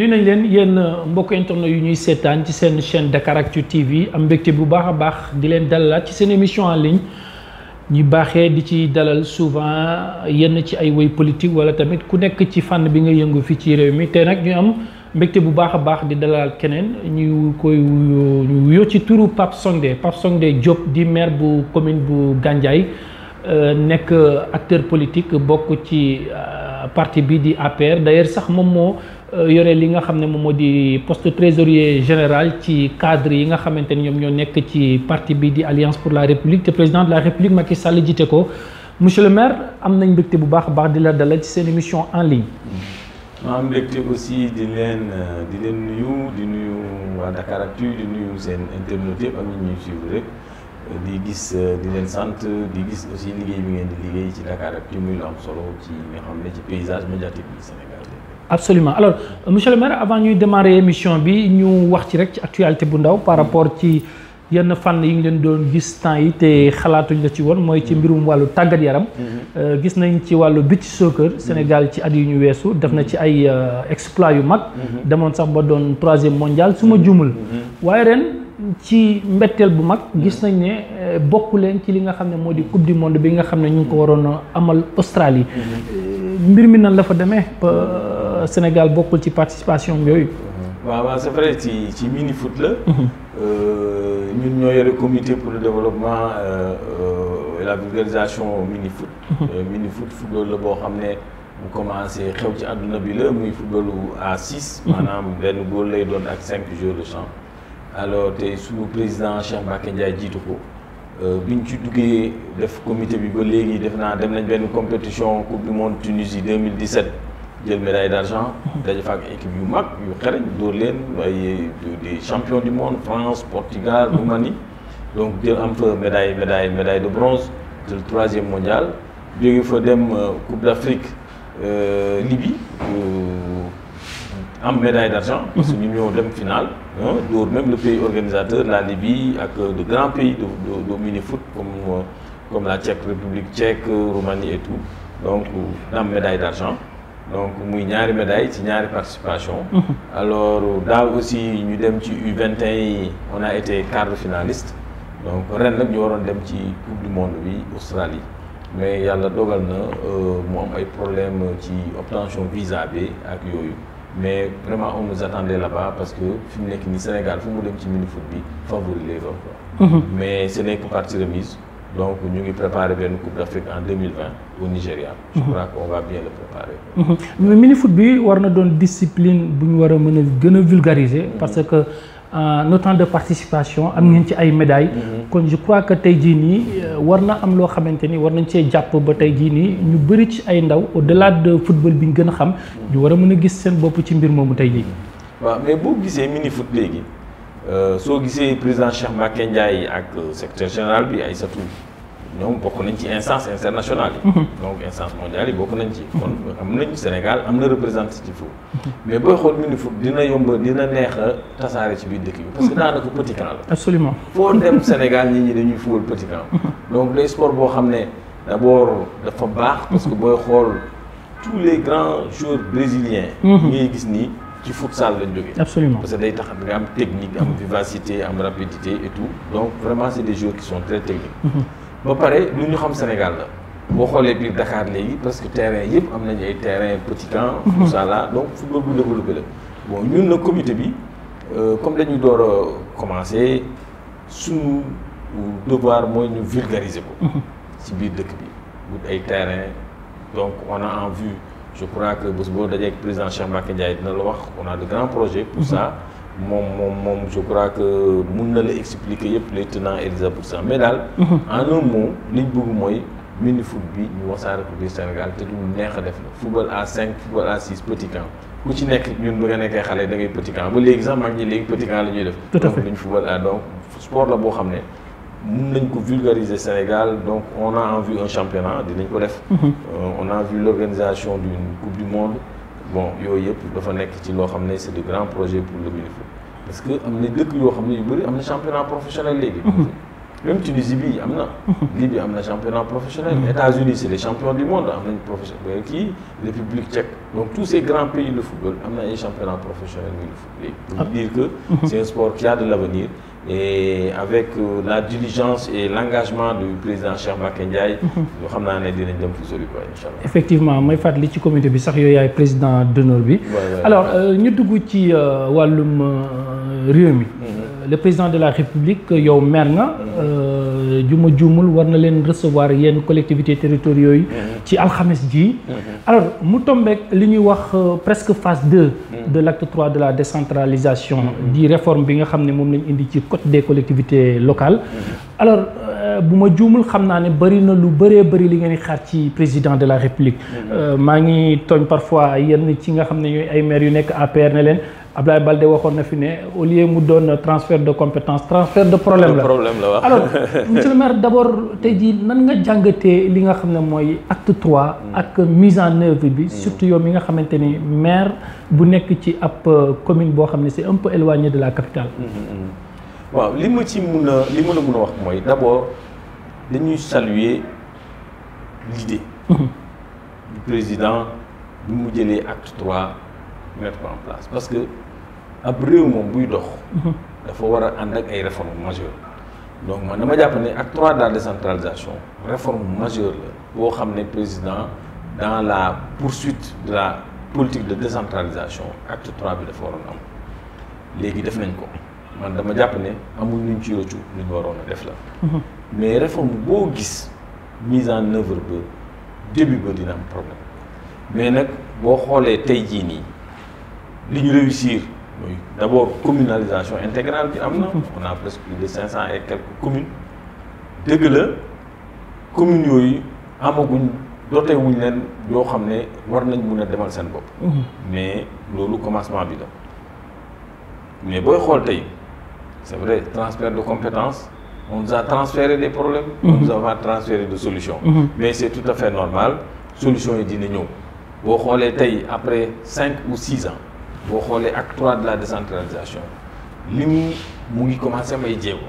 nuy nañ leen yéen euh, mbokk internet yu ñuy seetaan ci seen chaîne Dakaractu TV am mbégte bu baax a baax di leen dalalaat ci seen émission en ligne ñu baaxee di ci dalal souvent yenn ci ay woy politique wala tamit ku nekk ci fànn bi nga yëngu fii ci réew mi te nag ñu am mbégte bu baax a baax di dalal keneen ñu koy ñu wuyoo ci turu Pape Songde Pape Songde Diop di maire bu commune bu Gandiaye euh, nekk acteur politique bokk ci euh, parti bi di APR d'ailleurs sax moom moo. Euh, yore li nga xamné mom modi poste trésorier général ci cadre yi nga xamante ñom ñoo nek ci parti bi di alliance pour la république te président de la république Macky Sall djité ko monsieur le maire am nañ mbégte bu baax baax di la dalal ci seen émission en ligne. Mmh. ma am mbégte aussi di leen euh, di leen nuyu di nuyu waa Dakaractu di nuyu seen internautes yëpp ak ñi ñuy suivre rek euh, di gis di leen sante di gis aussi liggéey bi ngeen di liggéey ci Dakar Dakaractu muy lo am solo ci nga xamné ci paysage médiatique bi Sénégal. absolument alors euh, monsieur le maire avant de démarrer émission bi ñu wax ci rek ci actualité bu ndaw par rapport ci yenn fànn yi ngi leen doon gis temps yi te xalaatuñ la ci woon mooy ci mbirum wàllu tàggat yaram mhm. euh, gis nañ ci wàllu beach soccer Sénégal qui at yu ñu weesu def na ci ay euh, exploit yu mag mhm. demoon sax ba doon troisième mondial su ma jumul mhm. waaye ren ci mbetteel bu mag gis nañ ne bokk leen ci li nga xam ne di coupe du monde bi nga xam ne ñu ko amal Australie mbir mi nan la fa demee Sénégal beaucoup de participation c'est vrai c'est ci mini foot y mhm. euh, ñun ñoo le comité pour le développement euh, euh, et la vulgarisation mini foot. Mhm. mini foot football le bon xam Vous commencé xew ci àdduna bi le à 6, maintenant, benn nous lay doon cinq jours de champ. alors sous le président Cheikh Mbacké Ndiaye jiitu ko biñ ci le comité de ba a def une dem nañ compétition coupe du monde Tunisie 2017 des médaille d'argent il équipes a équipe des champions du monde France Portugal Roumanie donc y a médaille médaille de bronze le troisième mondial y a dem euh, Coupe d'Afrique euh, Libye euh, am médaille d'argent, c'est parce que finale. Hein, même le pays organisateur la Libye avec de grands pays de de mini-foot comme comme la Tchèque République Tchèque Roumanie et tout donc am médaille d'argent donc muy ñaari médaille ci ñaari participation mhm. alors daaw aussi ñu dem ci U21 on a été quart de finaliste donc ren nak ñu waron dem ci coupe du monde bi Australie mais il dogal na euh, mu am ay problème ci obtention visa bi ak yoyu mais vraiment on nous attendait là-bas parce que fim nek ni Sénégal fu mu dem ci mini foot bi favori les mhm. mais ce n'est que partie remise donc nous avons préparé une Coupe d'Afrique en 2020 au Nigeria. Je mhm. crois qu'on va bien le préparer. Mhm. Mais le mini-football doit une discipline que nous vulgariser mhm. parce que euh, notre temps de participation, nous avons des médailles. Donc je crois que Taïdini, nous amlo des choses nous avons des Japon, Taïdini, nous avons des choses au-delà du football que nous avons, nous avons des choses qui sont en Mais si vous le mini-football, euh, soo gisee président Cheikh Mbacké Ndiaye ak euh, secrétaire général bi Aïssatou ñoom bokk nañ instance internationale donc instance mondiale yi bokk nañ ci kon am nañ Sénégal am na représentatif foofu mais booy xool mini dina yomb dina neex a tasaare ci biir dëkk parce que daanaka petit camp la absolument foo dem Sénégal nit ñi dañuy fubal petit camp donc les sport boo xam ne d' abord dafa baax parce que booy xool tous les grands joueurs brésiliens mm-hmm. ngay gis nii du futsal absolument parce que technique vivacité am rapidité et tout donc vraiment c'est des joueurs qui sont très techniques. Pareil, mhm. pareil, nous sommes au Sénégal Nous sommes au Dakar parce que terrain am terrain petit mhm. tout ça là donc football développé bon nous le comité euh, comme nous devons commencer, sous devoir moins nous vulgariser mhm. terrain donc on a en vue je crois que bés boo dajee ak président Cheikh Mbacke Ndiaye dina la wax on a de grands projets pour ça moom moom moom je crois que mun na la expliquer yëpp les tenants et les aboutissants mais daal mhm. en un mot liñ bëgg mooy mini foot bi ñu wasaare ko biir Sénégal te du neex a def la football à 5 football à 6 petit camp ku ci nekk ñun bu nga nekkee xale da ngay petit camp ba léegi sax mag ñi petit camp la ñuy def donc luñ football à donc sport la boo xam nous avons ko vulgariser Sénégal donc on a envie un championnat mhm. euh, on a vu l'organisation d'une coupe du monde bon il y a des c'est de grands projets pour le milieu. parce que y a deux yoo xam ne yu bëri am championnat professionnel mhm. même Tunisie bi am na. Mhm. Libye am un championnat professionnel. États-Unis c'est les champions du monde am un professionnel tchèque donc tous ces grands pays de football ont un championnat championnats professionnels ah. dire que c'est un sport qui a de l'avenir et avec euh, la diligence et l'engagement du président Cheikh Mbacké Ndiaye. yoo xam naa ne dinañ dem fu sori quoi incha effectivement may fàttali ci comité bi sax yooyu yaay président d'honneur bi. alors euh, ñu dugg ci euh, wàllum réew mi. Mhm le président de la république yow Merna, nga euh, juma juumul war na recevoir yenn collectivités territoriales yi Al mhm. alxames ji mhm. alors mu tombeek li wax euh, presque phase 2 mhm. de l'acte 3 de la décentralisation di réforme bi nga xam ne lañ des collectivités locales alors euh, bu ma juumul xam naa ne bëri na lu bëree bëri li ngeen di président de la république je ngi parfois yenn ci nga xam ne ñooy ay maire yu nekk APR Ablaye Balde waxoon na fi ne au lieu mu donne transfert de compétences transfert de problème la problème la waaw alors monsieur le maire d'abord abord tey nan nga jàngatee li nga xamné moy acte 3 hmm. ak mise en œuvre bi. Hmm. surtout yow mi nga xamante ni maire bu nek ci ap euh, commune bo xamné c'est un peu éloigné de la capitale. Hmm, waaw li ma ci mun li ma la mun wax moy d'abord dañuy saluer l'idée idée. du président bu mu jëlee acte 3 mettre en place parce que à brûler il buy dox. dafa war a réformes majeures. donc je dama jàpp que acte 3 de la décentralisation réforme majeure Pour amener le président dans la poursuite de la politique de décentralisation acte 3 de la waroon am def nañ ko man dama jàpp ne amul luñ ci rëccu lu ñu def la. mais réforme boo mise en œuvre le début du problème mais nag boo xoolee les li réussir d'abord communalisation intégrale on a presque plus de 500 et quelques communes que les communes ont amaguñ mhm. mais commencement mais vrai transfert de compétences on nous a transféré des problèmes mhm. on nous a transféré des solutions mhm. mais c'est tout à fait normal solution est dina on après 5 ou 6 ans boo xoolee acte trois de la décentralisation li mu mu commencé may jéego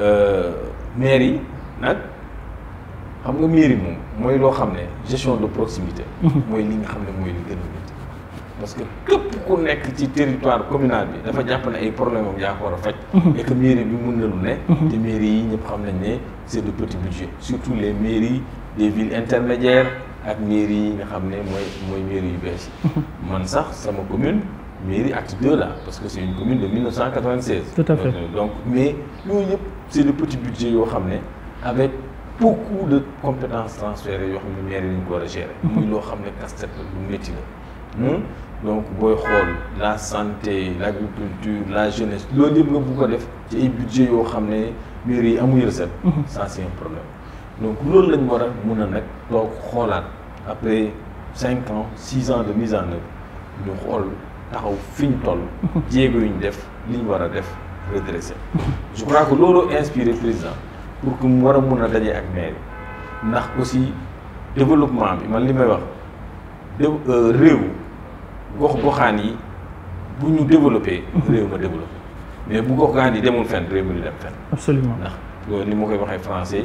euh, maire Mairie, nag xam nga mairie moom mooy loo xam ne gestion de proximité. mooy li nga xam ne mooy li gën parce que képp ku nekk ci territoire communal bi dafa jàpp ne ay problème am yaa ko war a faj. et que mairie bi mën na lu ne. des mairies, yi ñëpp xam nañ ne de petit budget surtout les mairies des villes intermédiaires ak mairie yi nga xam ne mooy mairie yu man sax sama commune mairie acte deux là, parce que c'est une commune de 1996. tout à fait euh, donc mais yooyu c'est le petit budget yoo avec beaucoup de compétences transférées yo xamné ne mairie lañ ko war gérer. muy lo xamné casse-tête lu la. Hmm? donc boy xol la santé la culture, la jeunesse lo yëpp nga bu ko def ci ay budget yo xamné mairie yi recette. ça c'est un problème donc loolu lañ war mëna nak a nag après 5 ans, 6 ans de mise en œuvre, le rôle Fintol, Diego Indef, Limbaradef, redresser. Je crois que l'Oro inspiré le président pour que nous puissions nous aider à la Nous avons aussi le développement, je vais vous dire, le réu, le réu, si nous développons, nous développer. Mais si nous devons développer, nous devons développer. Absolument. Comme je l'ai dit en français,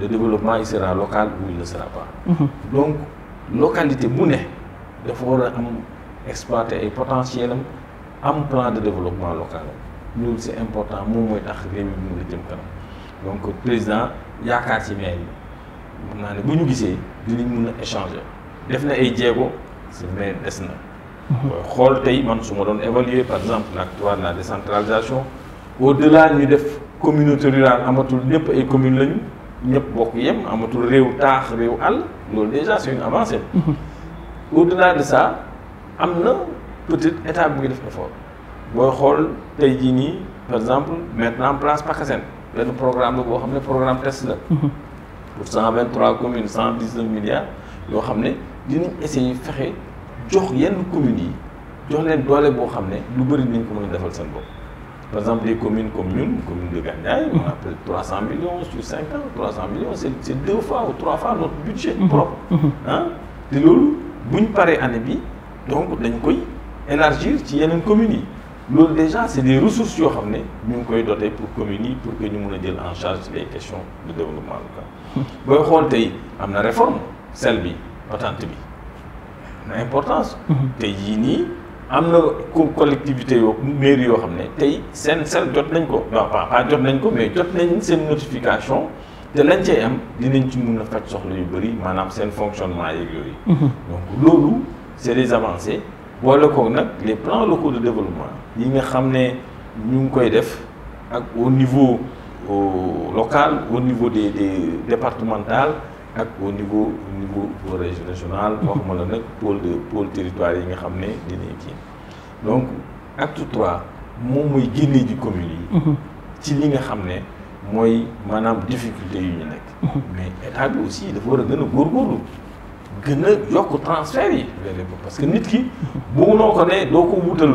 le développement il sera local ou il ne sera pas. Mm-hmm. Donc, localité bune de pouvoir exploiter et potentiel am plan de développement local c'est important moom mooy tax réew mi mën a donc président Il ci maire yi mun naa ne bu ñu gisee dinañ échanger Définir na ay jéego si mais des na. booy mhm. xool tey man évaluer par exemple l'actualité de la décentralisation au-delà ñu def communauté rurale amatul lépp ay communes ñëpp bokk yem amatul réew taax réew àll loolu déjà c'est une avancée. Mhm. au-delà de ça am na peut-être état bu ngi def effort booy xool tey jii nii par exemple mettre en place PACASEN benn programme la boo xam ne programme test la. Mhm. pour cent vingt trois communes cent dix neuf milliards yoo xam ne dinañ essayer fexe jox yenn communes yi jox leen doole boo xam ne lu bëri dinañ ko mën a defal seen bopp. Par exemple, des communes comme nous, commune de Gagnaï, on a 300 millions sur 5 ans, 300 millions, c'est deux fois ou trois fois notre budget mhm. propre. Mhm. Hein? l'eau, nous bu année bi donc dañ koy élargir si une communes déjà c'est des ressources qui sont ne pour communes pour que nous nous en charge des questions de développement local. on a une réforme celle là patente bi l'importance. importance. Mhm am na collectivité yo maire yo xamné tay sen sel jot nañ ko non pas pas jot nañ ko mais jot nañ sen notification de lañ ci am dinañ ci mëna a faj soxla yu bari manam sen fonctionnement yeeg yooyu mhm. donc lolu c'est des avancées wala ko nak les plans locaux de développement yi nga xamné ne ñu ngi koy def ak au niveau local au niveau des des départemental ak au niveau au niveau au région nationale mhm. waxuma la nag pôle de pôle territoire yi nga xamné ne dinañ kii donc acte trois moom mooy génnee ji communes yi mhm. ci li nga xamné moy manam difficulté yi ñu nek mhm. mais état bi aussi dafa war gëna gor a góorgóorlu gën a transfert yi parce que nit ki bu noo ko né do ko wutal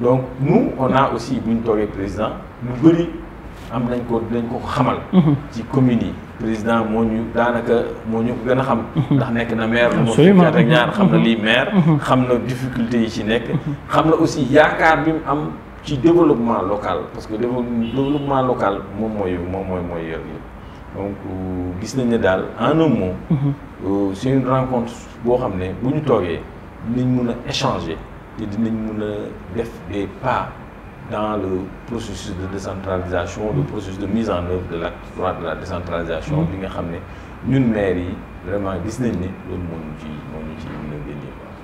donc nous on a aussi une président nous avons am mhm. président monu la mhm. maire. xam mhm. difficulté yi ci aussi Yakar, am développement local parce que développement local mon moyen mon moyen donc euh, gis nañ en un mot. Euh, c'est une rencontre boo échanger ni ne pas dans le processus de décentralisation le processus de mise en œuvre de la loi de la décentralisation bi nga xam mairie vraiment gis nañ loolu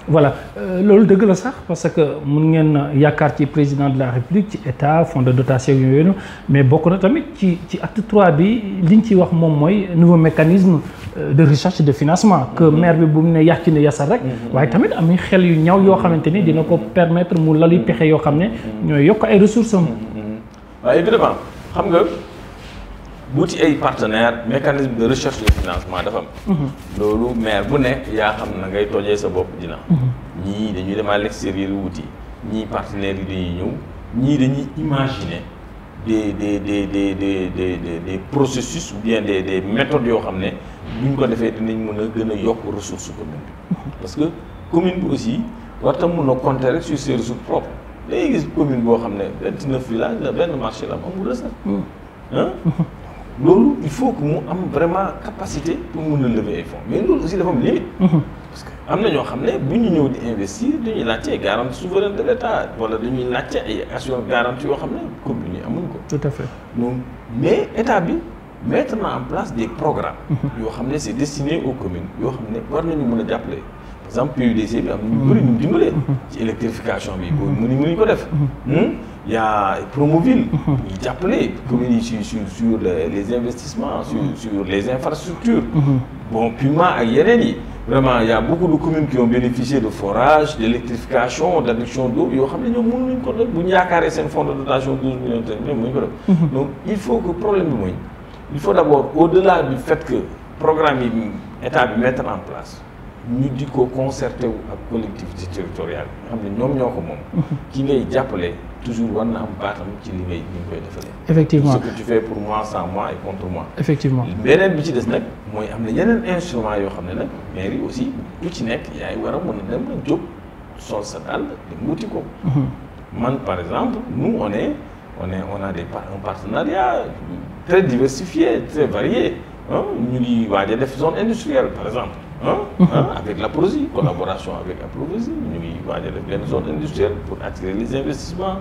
voilà euh, loolu dëgg la parce que il ngeen a ci président de la république état fonds de dotation mais beaucoup y tamit ci acte 3 nouveau mécanisme Euh, de recherche de financement que mhm. maire bi bu mu ne yàq ne yasal rek mhm. waaye tamit am xel yu ñaw yoo xamante ni dina ko permettre mu lalu pexe yoo xam ne mhm. ñooy yokk ay ressources am waaw évidemment xam nga wuti ay partenaire mécanisme de recherche de financement dafa am loolu maire bu nekk yaa xam na ngay tojee sa bopp dina ñii dañuy dem à l'extérieur wuti ñii partenaires yi dañuy ñëw ñii dañuy imaginer des des des des des des processus ou bien des des méthodes yoo xam ne bu ñu ko defee dinañ mën a gën a parce que commune bi aussi war tam compter sur ses ressources propres léegi gis commune boo xam ne vingt neuf village la benn marché la am amul recette hmm. hein loolu il faut que mu am vraiment capacité pour mun lever les fonds mais nous aussi dafa am limite parce que am na ñoo xam ne bu ñu ñëw di investir dañuy laajte garantie souveraine de l'état voilà wala dañuy laajte assurance garantie yoo xam ne commune tout à fait mais établir, mettre en place des programmes. c'est destiné aux communes par exemple PUDC il hmm? y a Promoville il a sur sur les investissements sur les infrastructures hmm. bon Puma vraiment il y a beaucoup de communes qui ont bénéficié de forages d'électrification d'adduction d'eau il de millions de mhm. donc il faut que problème il faut d'abord au-delà du fait que programme est à mettre en place nous disons ko concerté ak collectivité territoriale nous avons dit. qui mhm. est toujours war am baatam ci li ngay li nga effectivement ce que tu fais pour moi sans moi et contre moi. effectivement benen bi ci dess nak moy am na yenen instruments yo xam nak mairie aussi ku ci nek yaay wara a mën dem job jóg sol sa dàll dem wuti ko. Mhm. man par exemple nous on est on est on a des un partenariat très diversifié très varié hein ñu ngi waaj def zone industrielle par exemple. Hein? Hein? avec la prosie, collaboration avec la Prosi Nous avons waaj def benn zone industrielle pour attirer les investissements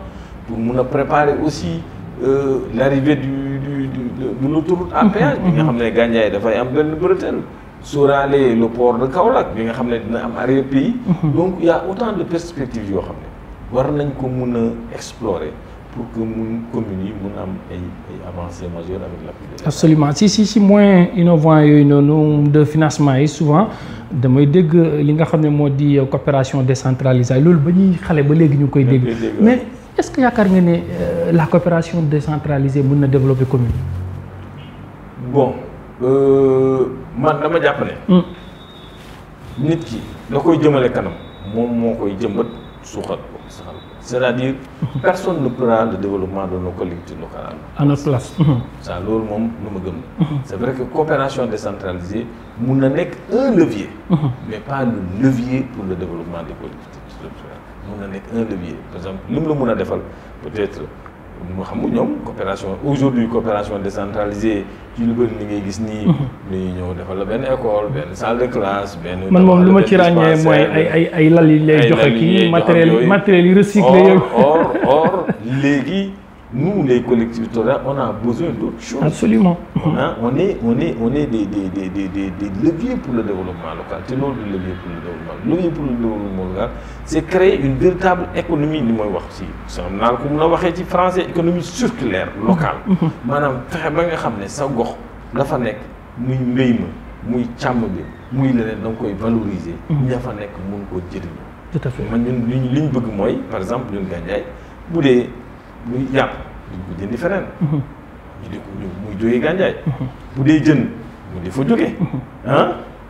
pour préparer aussi euh, l'arrivée du du de l'autoroute à péage mm-hmm. bi nga xam ne Gandiaye dafay am Bretagne. Sur aller le port de Kaolack qui, nga xam arrière pays mm-hmm. donc il y a autant de perspectives yoo xam explorer pour que nous commune avec la Absolument. Si, si, si, moins innovant et nous de financement, et souvent, je li que euh, la coopération décentralisée mais est-ce que la coopération décentralisée pour développer développer commune bon euh, man dama que hmm. nit ki c'est-à-dire personne ne pourra le développement de nos collectivités locales à notre place ça c'est vrai que la coopération décentralisée nous n'avons un levier mais pas le levier pour le développement des collectivités locales nous n'avons un levier par exemple peut-être mu xam ñoom coopération aujourd'hui coopération décentralisée ci lu bëri ni ngay gis nii. dañuy ñëw defal la benn école benn salle de classe benn. man moom lu ma ci ràññee mooy ay ay ay lal lay joxe kii matériel matériel yi recyclé. or or léegi nous, les collectivités, on a besoin d'autres choses. Absolument. Hein? On est, on est, on est des, des, des, des, leviers pour le développement local. C'est non levier pour le développement. Le levier pour le développement local, c'est créer une véritable économie, du moins aussi. C'est comme on l'a dit français, économie circulaire, locale. Madame, très bien, ça gox la fa nek muy nous ma muy cham bi muy leneen da nga koy valoriser mm-hmm. ña fa nek mën ko jëriñu tout à fait man ñun liñ bëgg par exemple ñun gànjaay bu dee muy yàpp duñ ko jëndi feneen ñu di ko gànjaay bu dee jën mu di fa jóge ah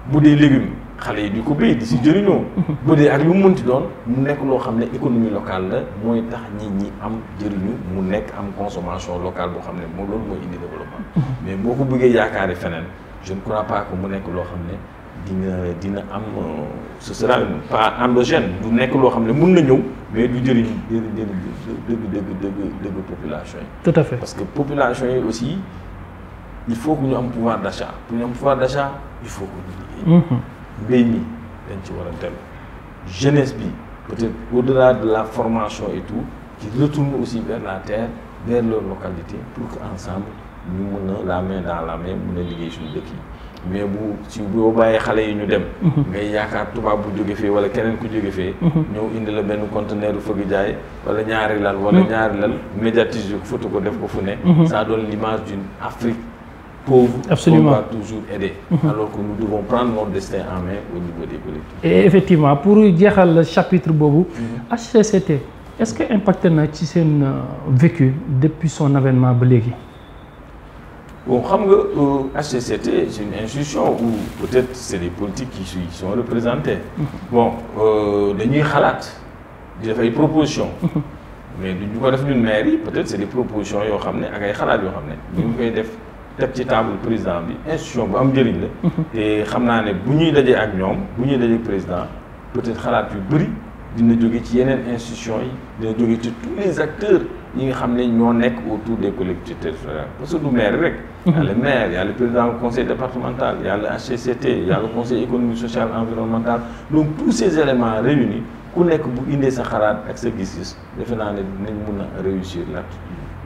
bu dee légume xale yi di ko béy di si jëriñoo bu dee ak lu mu ti doon mu nekk loo xam ne économie locale la mooy tax nit ñi am jëriñu mu nekk am consommation locale boo xam ne moo loolu mooy indi développement mais boo ko bëggee yaakaari feneen jeune ne crois pas que mu nekk loo xam ne Euh, ce sera pas endogène Vous mais du population tout à fait parce que population aussi il faut que nous un pouvoir d'achat. pour nous un pouvoir d'achat, il faut que nous liggéey. Hum, hum. mbéy dañ jeunesse peut-être au delà de la formation et tout qui retourne aussi vers la terre vers leur localité pour qu'ensemble, ensemble nous la main dans la main nous nous qui mais bu ci boo bàyyee xalé yi ñu dem. Mhm. ngay yaakaar tuba bu joggé fi wala keneen ku joggé fi ñeu indi la benn conteneur fu gi jaay wala ñaari lal. wala mhm. ñaari lal médiatise ko foto ko def ko fu ne. Mhm. ça donne l'image d'une Afrique pauvre. absolument qu'on va toujours aider. alors que nous devons prendre notre destin en main au niveau des collectivités. et effectivement pour jéxal le chapitre bobu HCCT est-ce que impacté na ci sen euh, vécu depuis son avènement ba légui Bon, HCCT, euh, c'est une institution où peut-être c'est les politiques qui sont représentés. Mm-hmm. Bon, euh, nous avons fait des propositions. Mm-hmm. Mais nous avons fait une mairie, peut-être c'est des propositions qui sont faites. Nous teg ci table président bi institution bu am njëriñ la mm-hmm. te xam naa ne bu ñuy dajee ak ñoom bu ñuy président peut-être xalaat yu bëri dina jóge ci une institution yi dina jóge ci tous les acteurs ils nga xam ne ñoo autour des collectivités parce que du maire rek il y a le maire, il y a le président du conseil départemental, il y a le HCCT, il y a le conseil économique, social, environnemental. Donc tous ces éléments réunis, qu'on nekk des indee sa des ak sa gis réussir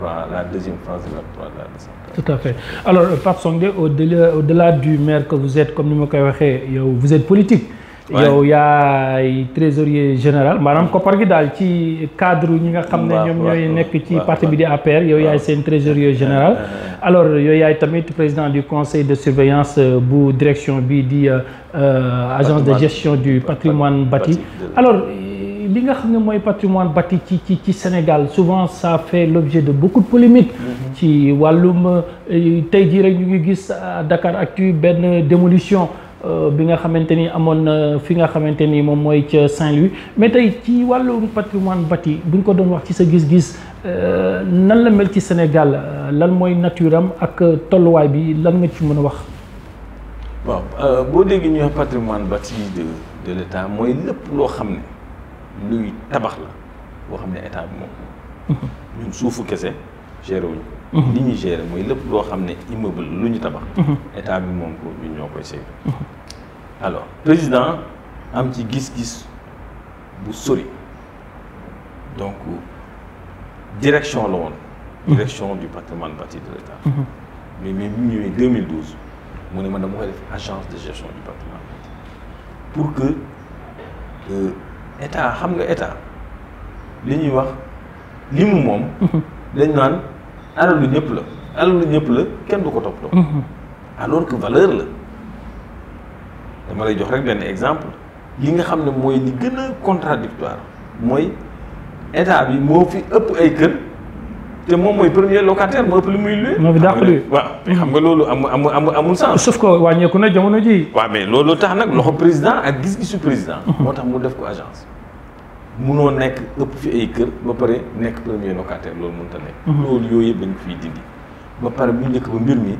la deuxième phase de la de la tout à fait alors Pape Songde, au delà du maire que vous êtes comme nous le koy vous êtes politique a yaay trésorier général Madame Kopargidal, qui daal ci cadre ñi nga xam ne ñoom nekk ci parti bi di APR yaay trésorier général alors yow yaay tamit président du conseil de surveillance euh, bu direction euh, euh, de l'agence de gestion du patrimoine bâti alors li nga patrimoine bâti au Sénégal souvent ça fait l'objet de beaucoup de polémiques mm-hmm. ci wàllum tey jii rek ñu ngi Dakar Actu Ben démolition euh, bi nga xamanteni amone fi nga xamanteni mom moy ci Saint-Louis mais tay ci walu patrimoine bâti buñ ko doon wax ci sa gis-gis euh, nan la mel ci Sénégal euh, lan moy naturam ak tolluwaay bi lan nga ci mëna wax. waaw boo déggee ñuy wax patrimoine bâti de de l'État moy lepp lo xamné luy tabax la bo xamné état bi mom ñun suufu kessé géré wuñ mhm. li ñuy géré mooy lépp loo xam ne immeuble lu ñu tabax mhm. état bi le ko ñun ñoo koy saytu mhm. alors président am ci gis-gis bu sori donc direction la direction du patrimoine bâti de l'État mais en bi 2012 mu ne man dama agence de gestion du patrimoine pour que euh, état xam nga état ce ñuy wax li mu moom dañ naan alalu ñëpp la alalu ñëpp la kenn du ko toppatoo. Mhm. alors que valeur la dama lay jox rek benn exemple li nga xam ne mooy li gën a contradictoire mooy état bi moo fi ëpp ay kër te moom mooy premier locataire moo ëpp lu muy luwe. moo fi dàq luwe waaw xam nga loolu amul amul amul amul sens. sauf que wàññeeku na jamono ji. waaw mais loolu tax nag loxo président ak gis-gisu président. Mhm. moo tax mu def ko agence munoo nek ëpp fi ay kër ba pare nek premier locataire loolu mënut a nekk. Mhm. loolu yooyu yëpp dindi. ba pare bu njëkk ba mbir mi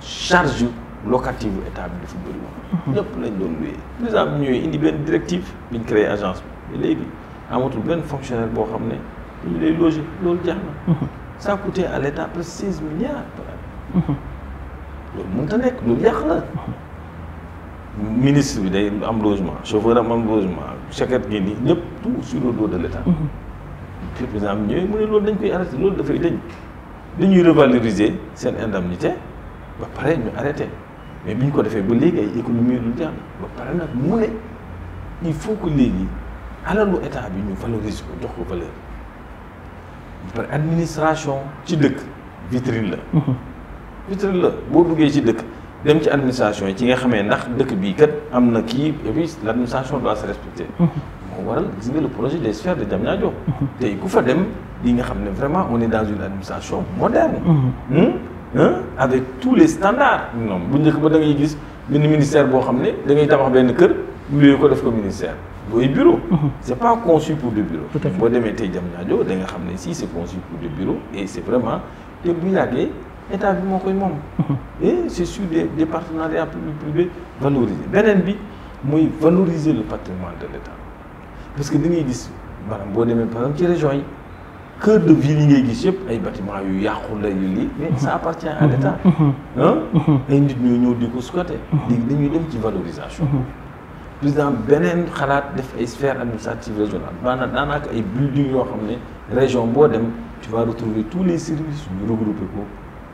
charge locative état bi dafa bëri woon. ñëpp mhm. lañ doon luye. par exemple indi ben directive biñ créé agence bi léegi amatul benn fonctionnaire bo xamné ñu lay loger loolu jaxna na. Mhm. ça coûté à l'État état presque seize milliards par an. loolu mënut a nekk ministre bi day am logement chauffeur am logement chaque gi nii ñëpp tout sur le dos de l' état. le président am ñooy mu ne loolu dañ koy arrêté loolu dafay dañ dañuy revaloriser seen indemnité ba pare ñu arrêté mais bi ñu ko defee ba léegi ay économie lu jàll ba pare nag mu ne il faut que léegi alalu état bi ñu valorise ko jox ko valeur par administration ci dëkk vitrine la. Mhm. vitrine la boo duggee ci dëkk. dem ci administration ci nga xamé ndax dëkk bi kat amna ki et puis l'administration doit se respecter. moo waral gis nga le projet des sphères de Diamniadio. tey ku fa dem li nga xamné vraiment on est dans une administration moderne. hmm avec tous les standards. non bu njëkk ba da ngay gis benn ministère bo xamné da ngay tabax ben kër luy ko def ko ministère. boy bureau. Mhm. c'est pas conçu pour des bureaux. boo demee tey Diamniadio da nga xamné si c'est conçu pour le bureau et c'est vraiment te bu yàggee état bi moo koy et c'est sur des des partenariats public privé valoriser benen bi moy valoriser le patrimoine de l'état parce que ni ngi gis maanaam bo demé par exemple ci région cœur de ville yi ngay gis yëpp ay bâtiments yu yàqu la yu lii mais ça appartient à l'état mhm. Mhm. Hein? Mhm. ay nit ñoo ñëw di ko squatter léegi dañuy dem ci valorisation président benen xalaat def ay sphères administratives régionales maanaam daanaka ay building yo xamné région bo dem tu vas retrouver tous les services ñu regroupé ko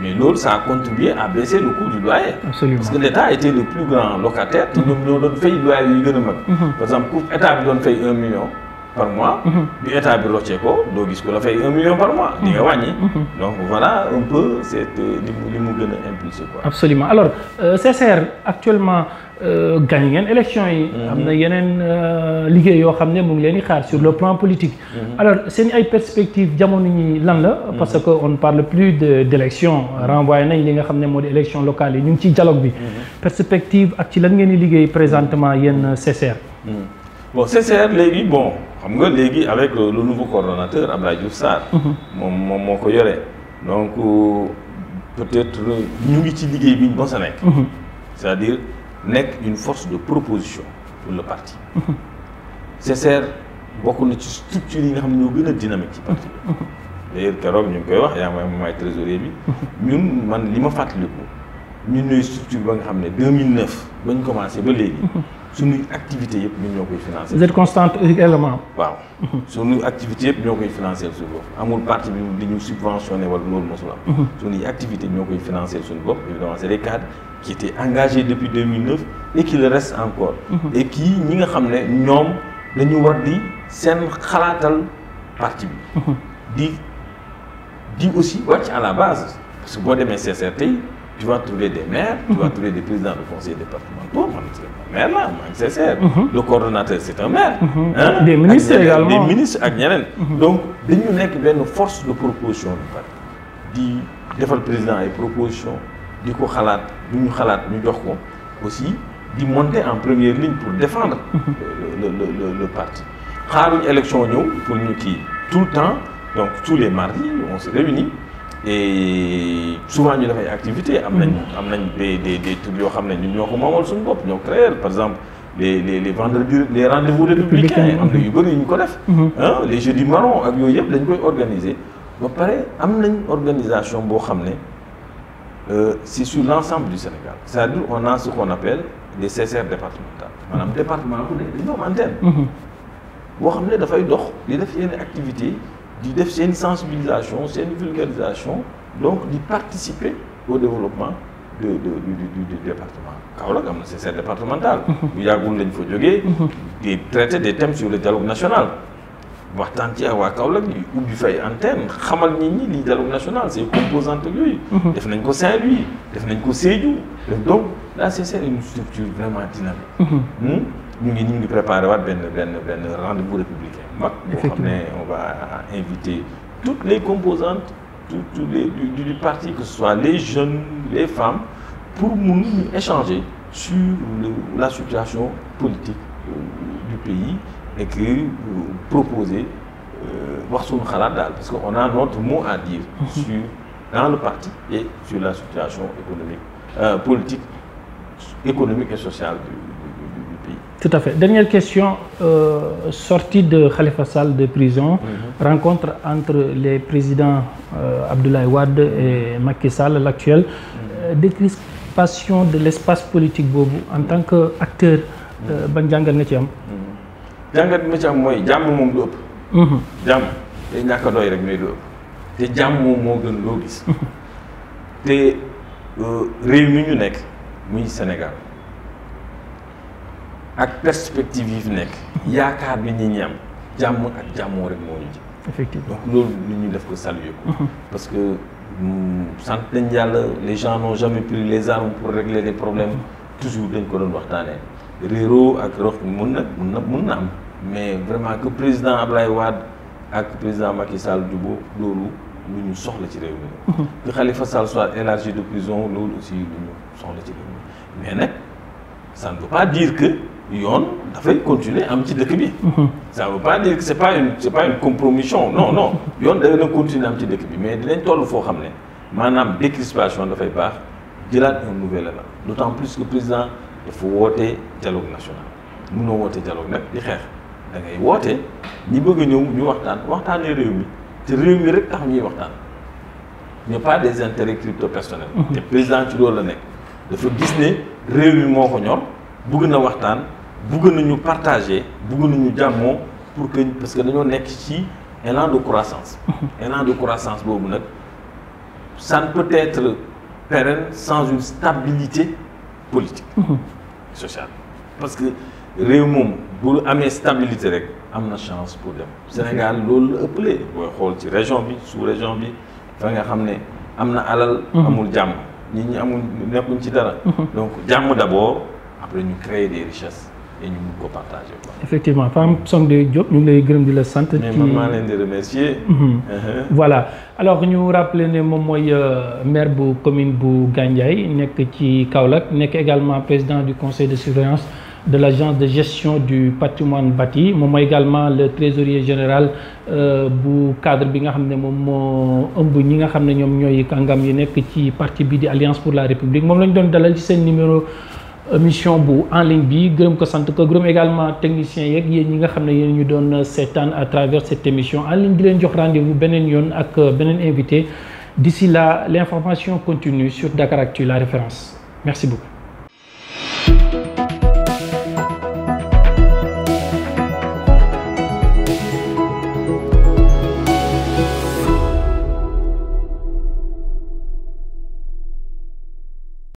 Mais l'autre, ça a contribué à baisser le coût du loyer. parce que l'État était le plus grand locataire Tout le fait loyer mm-hmm. par exemple l'État a fait 1 million par mois L'État a fait 1 million par mois mm-hmm. Mm-hmm. donc voilà un peu c'est euh, li nous absolument alors euh, CCR actuellement euh, gagné ngeen élection yi. Mhm. am na yeneen euh, liggéey yoo xam ne ngi leen xaar sur le plan politique. Mhm. alors seen ay perspectives jamono ñi lan la. Mhm. parce que on ne parle plus de d' élection renvoyé nañ li nga xam ne moo di élection locale ñu ci dialogue bi. perspective ak ci lan ngeen di présentement yéen euh, CCR. bon CCR Légui, bon xam nga léegi avec le nouveau coordonnateur Abdoulaye Diouf Sarr. moom moom donc peut-être ñu ngi ci liggéey bi mos a nekk. c'est-à-dire nek une force de proposition pour le parti. C'est bokk na ci structure yi nga xam dynamique de parti d'ailleurs nous ñu ngi koy wax yaa ngi may trésorier bi. ñun man nous, ma fàttaliku structure ba nga 2009 nous avons commencé à léegi activité yep vous êtes constante également. waaw mhm. activité yep Nous parti bi di ñu subventionner wala mhm. évidemment des cadres qui étaient engagés depuis 2009 et qui le restent encore. Mhm. et qui ñi nga xamné ñom lañu war di sen parti bi. di di aussi à la base parce que tu vas trouver des maires, tu vas mhm. trouver des présidents de conseils départementaux, maire là, mhm. le coordonnateur c'est un maire. Mhm. Hein. Des ministres également. Des ministres donc nous sommes une force de proposition du parti di defal président et proposition du ko xalaat du ñu xalaat aussi di monter en première ligne pour défendre le le le le parti une élection pour nous qui tout le temps donc tous les mardis on se réunit et souvent ñu def des activités am nañ des des des trucs yoo xam ne ñun ñoo ko moomal suñu bopp ñoo créer par exemple les les les vendredis les rendez-vous républicains am na yu bëri ñu ko def mm-hmm. hein, les jeudis marrons ak yooyu yëpp dañ koy organiser ba pare am organisation boo xam euh, c'est sur l'ensemble du Sénégal c'est-à-dire on a ce qu'on appelle des CCR départementales maanaam département ku nekk dañu am antenne mm-hmm. boo xam ne dafay dox def activités c'est une sensibilisation, c'est une vulgarisation donc de participer au développement du département C'est ça le départemental. Il y a lañ traiter des thèmes sur le dialogue national. Il ci waa Kaolack ñu ubbi fay antenne xamal nit ñi dialogue national c'est composante Il mhm. def nañ ko Saint-Louis def donc là, c'est une structure vraiment dynamique. Nous, mhm. hmm? ngi ñu préparer préparé rendez-vous républicain. Bah, on va inviter toutes les composantes tous les du parti que ce soit les jeunes les femmes pour nous échanger sur la situation politique euh, du pays et que euh, proposer proposez euh, son Khaladal. parce qu'on a notre mot à dire mhm. sur dans le parti et sur la situation économique politique économique et sociale du tout à fait. Dernière question. Euh, sortie de Khalifa Sall de prison, mhm. rencontre entre les présidents euh, Abdoulaye Wade et Macky Sall, l'actuel. Mm passion euh, décrispation de l'espace politique boobu en tant qu'acteur. Mhm. Euh, ban jàngal nga ci am. Mhm. jàngal bi ma ci am mooy jàmm moom du ëpp. jàmm day ñàkk a doy rek mais du ëpp. te jàmm moom moo gën loo gis. te euh, ñu nekk muy Sénégal ak perspective yi fi nekk yaakaar bi ñi ñi am jàmm ak jàmmoo rek moo ñu ji effectivement donc nous, nous ñu def ko saluer mhm. parce que mm, Sans nañ les gens n'ont jamais pris les armes pour régler les problèmes mhm. toujours dañ ko doon waxtaanee réeroo ak rox mun na mun na mais vraiment que président Ablaye Wade ak président Macky Sall jubóo loolu Nous ñu soxla ci réew mi mhm. que Khalifa Sall soit élargi de prison Nous aussi lu ñu soxla ci réew mi mais nag ça ne veut pas dire que yoon dafay continuer am ci dëkk bi. ça veut pas dire que c'est pas une c'est pas une compromission non non yoon da na continuer am ci dëkk bi mais dinañ toll foo xam ne maanaam décrispation dafay baax jëlaat un nouvel élan d'autant plus que président il faut voter dialogue national Nous munoo voter dialogue nag Il faut da ngay woote ñi bëgg a ñëw ñu waxtaan waxtaanee réew mi te réew mi rek tax ñuy waxtaan pas des intérêts crypto personnels. Le mm-hmm. président tu loolu la nekk dafa faut ne réew mi moo ñor bëgg na waxtaan bëgg nous partager nous nous jàmmoo pour que parce que nous nekk un an de croissance. Un an de croissance ça ne peut être pérenne sans une stabilité politique. sociale parce que réew moom bu une stabilité rek am une chance pour dem. Sénégal loolu la ëppalee booy xool ci région bi sous-région bi fa nga xam ne alal. amul jàmm nit ñi amul donc jàmm d'abord après nous créer des richesses et effectivement Femme Diop la santé. remercier. Mhm. Uh-huh. voilà alors nous rappelons que suis euh, maire la commune de également président du conseil de surveillance. de l'agence de gestion du patrimoine bâti je également le trésorier général du euh, cadre de pour la république numéro mission en ligne bi gërëm ko ko également technicien. qui nous yi nga xamné à travers cette émission en ligne di leen jox rendez-vous benen yoon ak invité d'ici là l'information continue sur Dakar Dakaractu la référence merci beaucoup